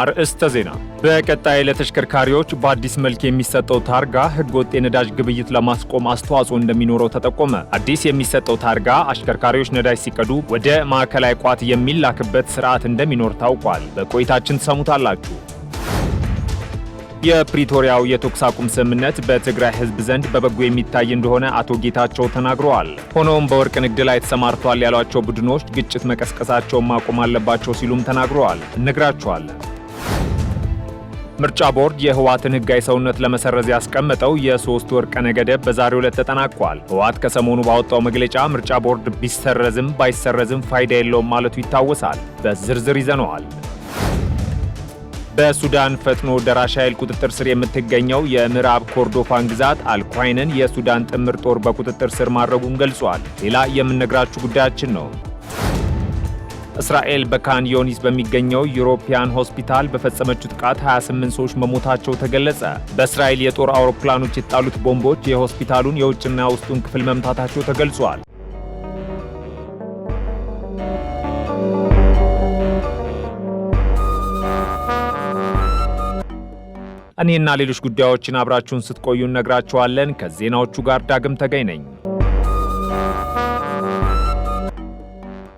አርእስተ ዜና። በቀጣይ ለተሽከርካሪዎች በአዲስ መልክ የሚሰጠው ታርጋ ህገወጥ የነዳጅ ግብይት ለማስቆም አስተዋጽኦ እንደሚኖረው ተጠቆመ። አዲስ የሚሰጠው ታርጋ አሽከርካሪዎች ነዳጅ ሲቀዱ ወደ ማዕከላዊ ቋት የሚላክበት ስርዓት እንደሚኖር ታውቋል። በቆይታችን ትሰሙታላችሁ። የፕሪቶሪያው የተኩስ አቁም ስምምነት በትግራይ ህዝብ ዘንድ በበጎ የሚታይ እንደሆነ አቶ ጌታቸው ተናግረዋል። ሆኖም በወርቅ ንግድ ላይ ተሰማርቷል ያሏቸው ቡድኖች ግጭት መቀስቀሳቸውን ማቆም አለባቸው ሲሉም ተናግረዋል። እነግራችኋለን። ምርጫ ቦርድ የህወሓትን ህጋዊ ሰውነት ለመሰረዝ ያስቀመጠው የሶስት ወር ቀነ ገደብ በዛሬው ዕለት ተጠናቋል። ህወሓት ከሰሞኑ ባወጣው መግለጫ ምርጫ ቦርድ ቢሰረዝም ባይሰረዝም ፋይዳ የለውም ማለቱ ይታወሳል። በዝርዝር ይዘነዋል። በሱዳን ፈጥኖ ደራሽ ኃይል ቁጥጥር ስር የምትገኘው የምዕራብ ኮርዶፋን ግዛት አልኳይንን የሱዳን ጥምር ጦር በቁጥጥር ስር ማድረጉን ገልጿል። ሌላ የምነግራችሁ ጉዳያችን ነው። እስራኤል በካን ዮኒስ በሚገኘው ዩሮፒያን ሆስፒታል በፈጸመችው ጥቃት 28 ሰዎች መሞታቸው ተገለጸ። በእስራኤል የጦር አውሮፕላኖች የጣሉት ቦምቦች የሆስፒታሉን የውጭና ውስጡን ክፍል መምታታቸው ተገልጿል። እኔና ሌሎች ጉዳዮችን አብራችሁን ስትቆዩ እነግራችኋለን። ከዜናዎቹ ጋር ዳግም ተገኝ ነኝ።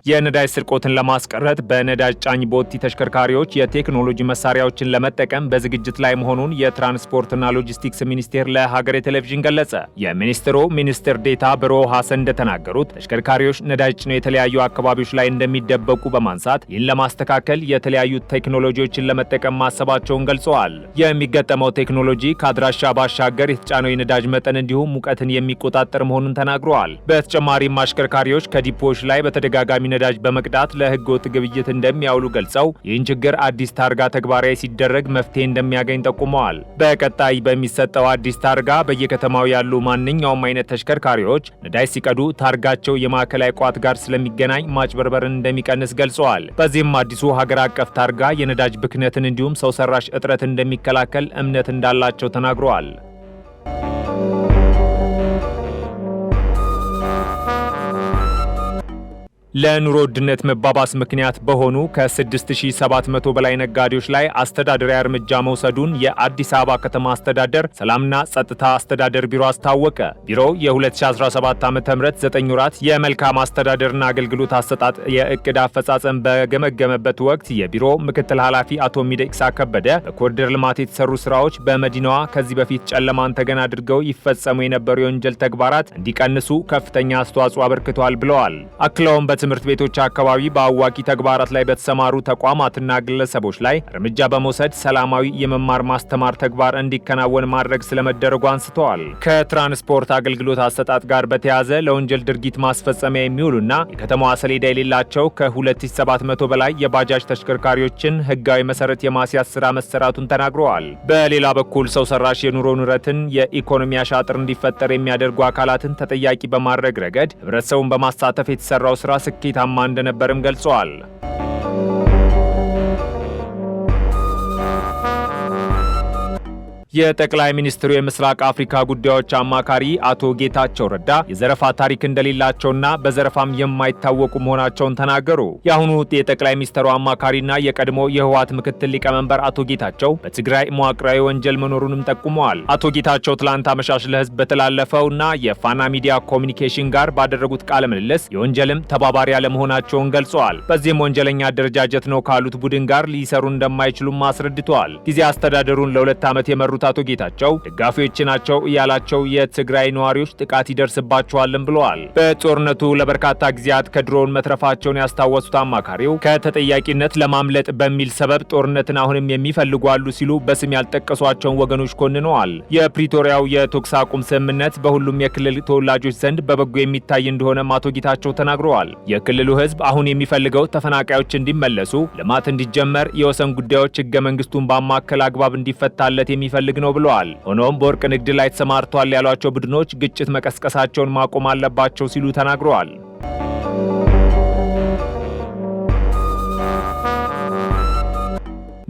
የነዳጅ ስርቆትን ለማስቀረት በነዳጅ ጫኝ ቦቲ ተሽከርካሪዎች የቴክኖሎጂ መሳሪያዎችን ለመጠቀም በዝግጅት ላይ መሆኑን የትራንስፖርትና ሎጂስቲክስ ሚኒስቴር ለሀገሬ ቴሌቪዥን ገለጸ። የሚኒስትሩ ሚኒስትር ዴታ ብሮ ሀሰን እንደተናገሩት ተሽከርካሪዎች ነዳጅ ጭነው የተለያዩ አካባቢዎች ላይ እንደሚደበቁ በማንሳት ይህን ለማስተካከል የተለያዩ ቴክኖሎጂዎችን ለመጠቀም ማሰባቸውን ገልጸዋል። የሚገጠመው ቴክኖሎጂ ከአድራሻ ባሻገር የተጫነው የነዳጅ መጠን እንዲሁም ሙቀትን የሚቆጣጠር መሆኑን ተናግረዋል። በተጨማሪም አሽከርካሪዎች ከዲፖዎች ላይ በተደጋጋሚ ነዳጅ በመቅዳት ለህገወጥ ግብይት እንደሚያውሉ ገልጸው ይህን ችግር አዲስ ታርጋ ተግባራዊ ሲደረግ መፍትሄ እንደሚያገኝ ጠቁመዋል። በቀጣይ በሚሰጠው አዲስ ታርጋ በየከተማው ያሉ ማንኛውም አይነት ተሽከርካሪዎች ነዳጅ ሲቀዱ ታርጋቸው የማዕከላዊ ቋት ጋር ስለሚገናኝ ማጭበርበርን እንደሚቀንስ ገልጸዋል። በዚህም አዲሱ ሀገር አቀፍ ታርጋ የነዳጅ ብክነትን እንዲሁም ሰው ሰራሽ እጥረት እንደሚከላከል እምነት እንዳላቸው ተናግረዋል። ለኑሮ ውድነት መባባስ ምክንያት በሆኑ ከ6700 በላይ ነጋዴዎች ላይ አስተዳደሪያ እርምጃ መውሰዱን የአዲስ አበባ ከተማ አስተዳደር ሰላምና ጸጥታ አስተዳደር ቢሮ አስታወቀ። ቢሮው የ2017 ዓ ም 9 ወራት የመልካም አስተዳደርና አገልግሎት አሰጣጥ የእቅድ አፈጻጸም በገመገመበት ወቅት የቢሮ ምክትል ኃላፊ አቶ ሚደቅሳ ከበደ በኮሪደር ልማት የተሰሩ ስራዎች በመዲናዋ ከዚህ በፊት ጨለማን ተገን አድርገው ይፈጸሙ የነበሩ የወንጀል ተግባራት እንዲቀንሱ ከፍተኛ አስተዋጽኦ አበርክተዋል ብለዋል። አክለውም በትምህርት ቤቶች አካባቢ በአዋኪ ተግባራት ላይ በተሰማሩ ተቋማትና ግለሰቦች ላይ እርምጃ በመውሰድ ሰላማዊ የመማር ማስተማር ተግባር እንዲከናወን ማድረግ ስለመደረጉ አንስተዋል። ከትራንስፖርት አገልግሎት አሰጣጥ ጋር በተያያዘ ለወንጀል ድርጊት ማስፈጸሚያ የሚውሉና የከተማዋ ሰሌዳ የሌላቸው ከ2700 በላይ የባጃጅ ተሽከርካሪዎችን ህጋዊ መሰረት የማስያዝ ስራ መሰራቱን ተናግረዋል። በሌላ በኩል ሰው ሰራሽ የኑሮ ንረትን የኢኮኖሚ አሻጥር እንዲፈጠር የሚያደርጉ አካላትን ተጠያቂ በማድረግ ረገድ ህብረተሰቡን በማሳተፍ የተሰራው ስራ ስኬታማ እንደነበርም ገልጸዋል። የጠቅላይ ሚኒስትሩ የምስራቅ አፍሪካ ጉዳዮች አማካሪ አቶ ጌታቸው ረዳ የዘረፋ ታሪክ እንደሌላቸውና በዘረፋም የማይታወቁ መሆናቸውን ተናገሩ። የአሁኑ የጠቅላይ ሚኒስትሩ አማካሪና የቀድሞ የህወሓት ምክትል ሊቀመንበር አቶ ጌታቸው በትግራይ መዋቅራዊ ወንጀል መኖሩንም ጠቁመዋል። አቶ ጌታቸው ትላንት አመሻሽ ለህዝብ በተላለፈውና የፋና ሚዲያ ኮሚኒኬሽን ጋር ባደረጉት ቃለ ምልልስ የወንጀልም ተባባሪ አለመሆናቸውን ገልጸዋል። በዚህም ወንጀለኛ አደረጃጀት ነው ካሉት ቡድን ጋር ሊሰሩ እንደማይችሉም አስረድተዋል። ጊዜ አስተዳደሩን ለሁለት ዓመት የመሩት የነበሩት አቶ ጌታቸው ደጋፊዎች ናቸው እያላቸው የትግራይ ነዋሪዎች ጥቃት ይደርስባቸዋልም ብለዋል። በጦርነቱ ለበርካታ ጊዜያት ከድሮን መትረፋቸውን ያስታወሱት አማካሪው ከተጠያቂነት ለማምለጥ በሚል ሰበብ ጦርነትን አሁንም የሚፈልጉ አሉ ሲሉ በስም ያልጠቀሷቸውን ወገኖች ኮንነዋል። የፕሪቶሪያው የተኩስ አቁም ስምምነት በሁሉም የክልል ተወላጆች ዘንድ በበጎ የሚታይ እንደሆነም አቶ ጌታቸው ተናግረዋል። የክልሉ ህዝብ አሁን የሚፈልገው ተፈናቃዮች እንዲመለሱ፣ ልማት እንዲጀመር፣ የወሰን ጉዳዮች ህገ መንግስቱን ባማከል አግባብ እንዲፈታለት የሚፈልግ የሚያስፈልግ ነው ብለዋል። ሆኖም በወርቅ ንግድ ላይ ተሰማርቷል ያሏቸው ቡድኖች ግጭት መቀስቀሳቸውን ማቆም አለባቸው ሲሉ ተናግረዋል።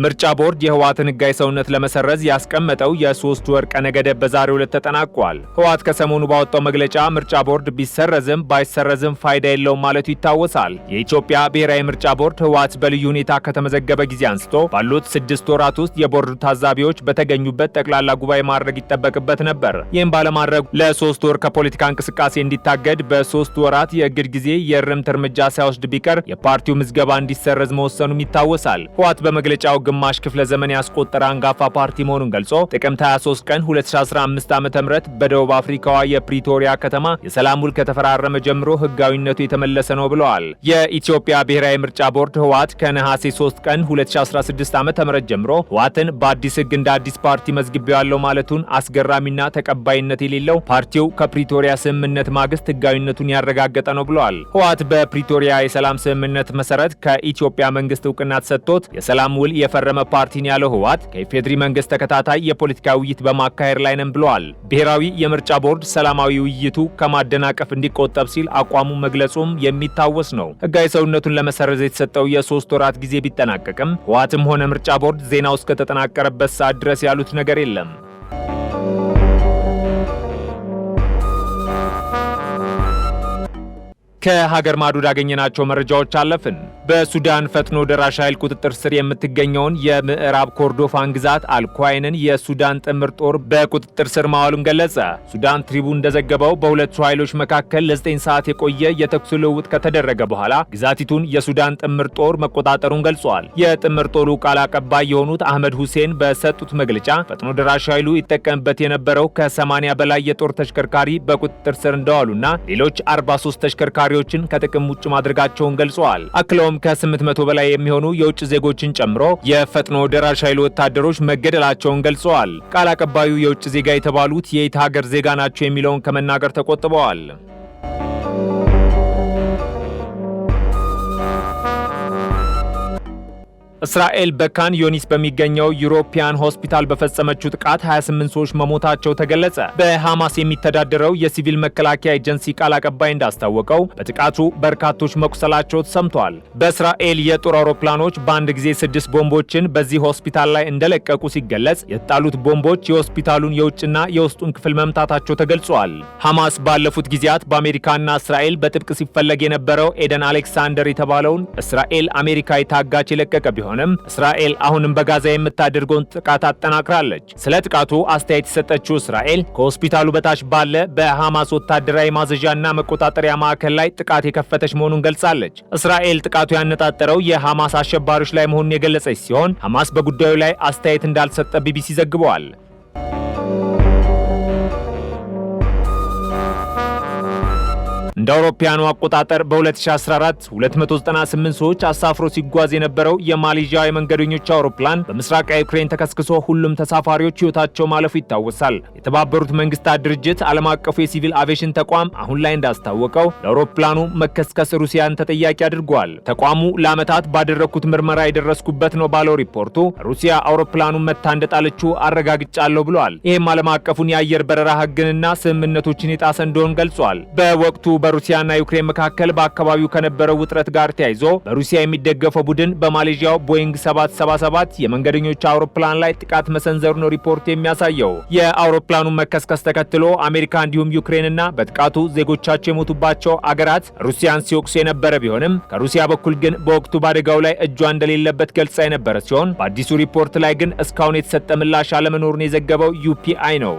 ምርጫ ቦርድ የህወሓትን ህጋዊ ሰውነት ለመሰረዝ ያስቀመጠው የሶስት ወር ቀነ ገደብ በዛሬው ዕለት ተጠናቋል። ህወሓት ከሰሞኑ ባወጣው መግለጫ ምርጫ ቦርድ ቢሰረዝም ባይሰረዝም ፋይዳ የለውም ማለቱ ይታወሳል። የኢትዮጵያ ብሔራዊ ምርጫ ቦርድ ህወሓት በልዩ ሁኔታ ከተመዘገበ ጊዜ አንስቶ ባሉት ስድስት ወራት ውስጥ የቦርዱ ታዛቢዎች በተገኙበት ጠቅላላ ጉባኤ ማድረግ ይጠበቅበት ነበር። ይህም ባለማድረጉ ለሶስት ወር ከፖለቲካ እንቅስቃሴ እንዲታገድ፣ በሶስት ወራት የእግድ ጊዜ የእርምት እርምጃ ሳይወስድ ቢቀር የፓርቲው ምዝገባ እንዲሰረዝ መወሰኑም ይታወሳል። ህወሓት በመግለጫው ግማሽ ክፍለ ዘመን ያስቆጠረ አንጋፋ ፓርቲ መሆኑን ገልጾ ጥቅምት 23 ቀን 2015 ዓ.ም በደቡብ አፍሪካዋ የፕሪቶሪያ ከተማ የሰላም ውል ከተፈራረመ ጀምሮ ህጋዊነቱ የተመለሰ ነው ብለዋል። የኢትዮጵያ ብሔራዊ ምርጫ ቦርድ ህወሓት ከነሐሴ 3 ቀን 2016 ዓ.ም ጀምሮ ህወሓትን በአዲስ ህግ እንደ አዲስ ፓርቲ መዝግቤዋለሁ ማለቱን አስገራሚና ተቀባይነት የሌለው ፓርቲው ከፕሪቶሪያ ስምምነት ማግስት ህጋዊነቱን ያረጋገጠ ነው ብለዋል። ህወሓት በፕሪቶሪያ የሰላም ስምምነት መሰረት ከኢትዮጵያ መንግስት እውቅና ተሰጥቶት የሰላም ውል የ የፈረመ ፓርቲ ያለው ህወሓት ከኢፌዴሪ መንግስት ተከታታይ የፖለቲካ ውይይት በማካሄድ ላይ ነን ብለዋል። ብሔራዊ የምርጫ ቦርድ ሰላማዊ ውይይቱ ከማደናቀፍ እንዲቆጠብ ሲል አቋሙ መግለጹም የሚታወስ ነው። ህጋዊ ሰውነቱን ለመሰረዝ የተሰጠው የሶስት ወራት ጊዜ ቢጠናቀቅም ህወሓትም ሆነ ምርጫ ቦርድ ዜናው እስከተጠናቀረበት ሰዓት ድረስ ያሉት ነገር የለም። ከሀገር ማዶ ያገኘናቸው መረጃዎች አለፍን። በሱዳን ፈጥኖ ደራሽ ኃይል ቁጥጥር ስር የምትገኘውን የምዕራብ ኮርዶፋን ግዛት አልኳይንን የሱዳን ጥምር ጦር በቁጥጥር ስር ማዋሉን ገለጸ። ሱዳን ትሪቡን እንደዘገበው በሁለቱ ኃይሎች መካከል ለ9 ሰዓት የቆየ የተኩስ ልውውጥ ከተደረገ በኋላ ግዛቲቱን የሱዳን ጥምር ጦር መቆጣጠሩን ገልጿል። የጥምር ጦሩ ቃል አቀባይ የሆኑት አህመድ ሁሴን በሰጡት መግለጫ ፈጥኖ ደራሽ ኃይሉ ይጠቀምበት የነበረው ከ80 በላይ የጦር ተሽከርካሪ በቁጥጥር ስር እንደዋሉና ሌሎች 43 ተሽከርካሪ ተሽከርካሪዎችን ከጥቅም ውጭ ማድረጋቸውን ገልጸዋል። አክለውም ከ800 በላይ የሚሆኑ የውጭ ዜጎችን ጨምሮ የፈጥኖ ደራሽ ኃይል ወታደሮች መገደላቸውን ገልጸዋል። ቃል አቀባዩ የውጭ ዜጋ የተባሉት የየት ሀገር ዜጋ ናቸው የሚለውን ከመናገር ተቆጥበዋል። እስራኤል በካን ዮኒስ በሚገኘው ዩሮፒያን ሆስፒታል በፈጸመችው ጥቃት 28 ሰዎች መሞታቸው ተገለጸ። በሐማስ የሚተዳደረው የሲቪል መከላከያ ኤጀንሲ ቃል አቀባይ እንዳስታወቀው በጥቃቱ በርካቶች መቁሰላቸው ተሰምቷል። በእስራኤል የጦር አውሮፕላኖች በአንድ ጊዜ ስድስት ቦምቦችን በዚህ ሆስፒታል ላይ እንደለቀቁ ሲገለጽ የተጣሉት ቦምቦች የሆስፒታሉን የውጭና የውስጡን ክፍል መምታታቸው ተገልጿል። ሐማስ ባለፉት ጊዜያት በአሜሪካና እስራኤል በጥብቅ ሲፈለግ የነበረው ኤደን አሌክሳንደር የተባለውን እስራኤል አሜሪካዊ ታጋች የለቀቀ ቢሆን ቢሆንም እስራኤል አሁንም በጋዛ የምታደርገውን ጥቃት አጠናክራለች። ስለ ጥቃቱ አስተያየት የሰጠችው እስራኤል ከሆስፒታሉ በታች ባለ በሐማስ ወታደራዊ ማዘዣና መቆጣጠሪያ ማዕከል ላይ ጥቃት የከፈተች መሆኑን ገልጻለች። እስራኤል ጥቃቱ ያነጣጠረው የሐማስ አሸባሪዎች ላይ መሆኑን የገለጸች ሲሆን ሐማስ በጉዳዩ ላይ አስተያየት እንዳልሰጠ ቢቢሲ ዘግበዋል። እንደ አውሮፓያኑ አቆጣጠር በ2014 298 ሰዎች አሳፍሮ ሲጓዝ የነበረው የማሌዥያ የመንገደኞች አውሮፕላን በምስራቃዊ ዩክሬን ተከስክሶ ሁሉም ተሳፋሪዎች ሕይወታቸው ማለፉ ይታወሳል። የተባበሩት መንግስታት ድርጅት ዓለም አቀፉ የሲቪል አቪዬሽን ተቋም አሁን ላይ እንዳስታወቀው ለአውሮፕላኑ መከስከስ ሩሲያን ተጠያቂ አድርጓል። ተቋሙ ለዓመታት ባደረግኩት ምርመራ የደረስኩበት ነው ባለው ሪፖርቱ ሩሲያ አውሮፕላኑን መታ እንደጣለችው አረጋግጫለሁ ብሏል። ይህም ዓለም አቀፉን የአየር በረራ ሕግንና ስምምነቶችን የጣሰ እንደሆን ገልጿል። በወቅቱ በሩሲያና ዩክሬን መካከል በአካባቢው ከነበረው ውጥረት ጋር ተያይዞ በሩሲያ የሚደገፈው ቡድን በማሌዥያው ቦይንግ 777 የመንገደኞች አውሮፕላን ላይ ጥቃት መሰንዘሩ ነው ሪፖርት የሚያሳየው። የአውሮፕላኑን መከስከስ ተከትሎ አሜሪካ እንዲሁም ዩክሬንና በጥቃቱ ዜጎቻቸው የሞቱባቸው አገራት ሩሲያን ሲወቅሱ የነበረ ቢሆንም ከሩሲያ በኩል ግን በወቅቱ በአደጋው ላይ እጇ እንደሌለበት ገልጻ የነበረ ሲሆን በአዲሱ ሪፖርት ላይ ግን እስካሁን የተሰጠ ምላሽ አለመኖሩን የዘገበው ዩፒአይ ነው።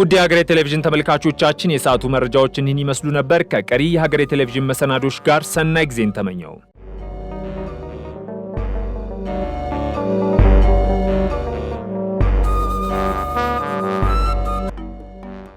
ውድ የሀገሬ ቴሌቪዥን ተመልካቾቻችን የሰዓቱ መረጃዎች እኒህን ይመስሉ ነበር። ከቀሪ የሀገሬ ቴሌቪዥን መሰናዶች ጋር ሰናይ ጊዜን ተመኘው።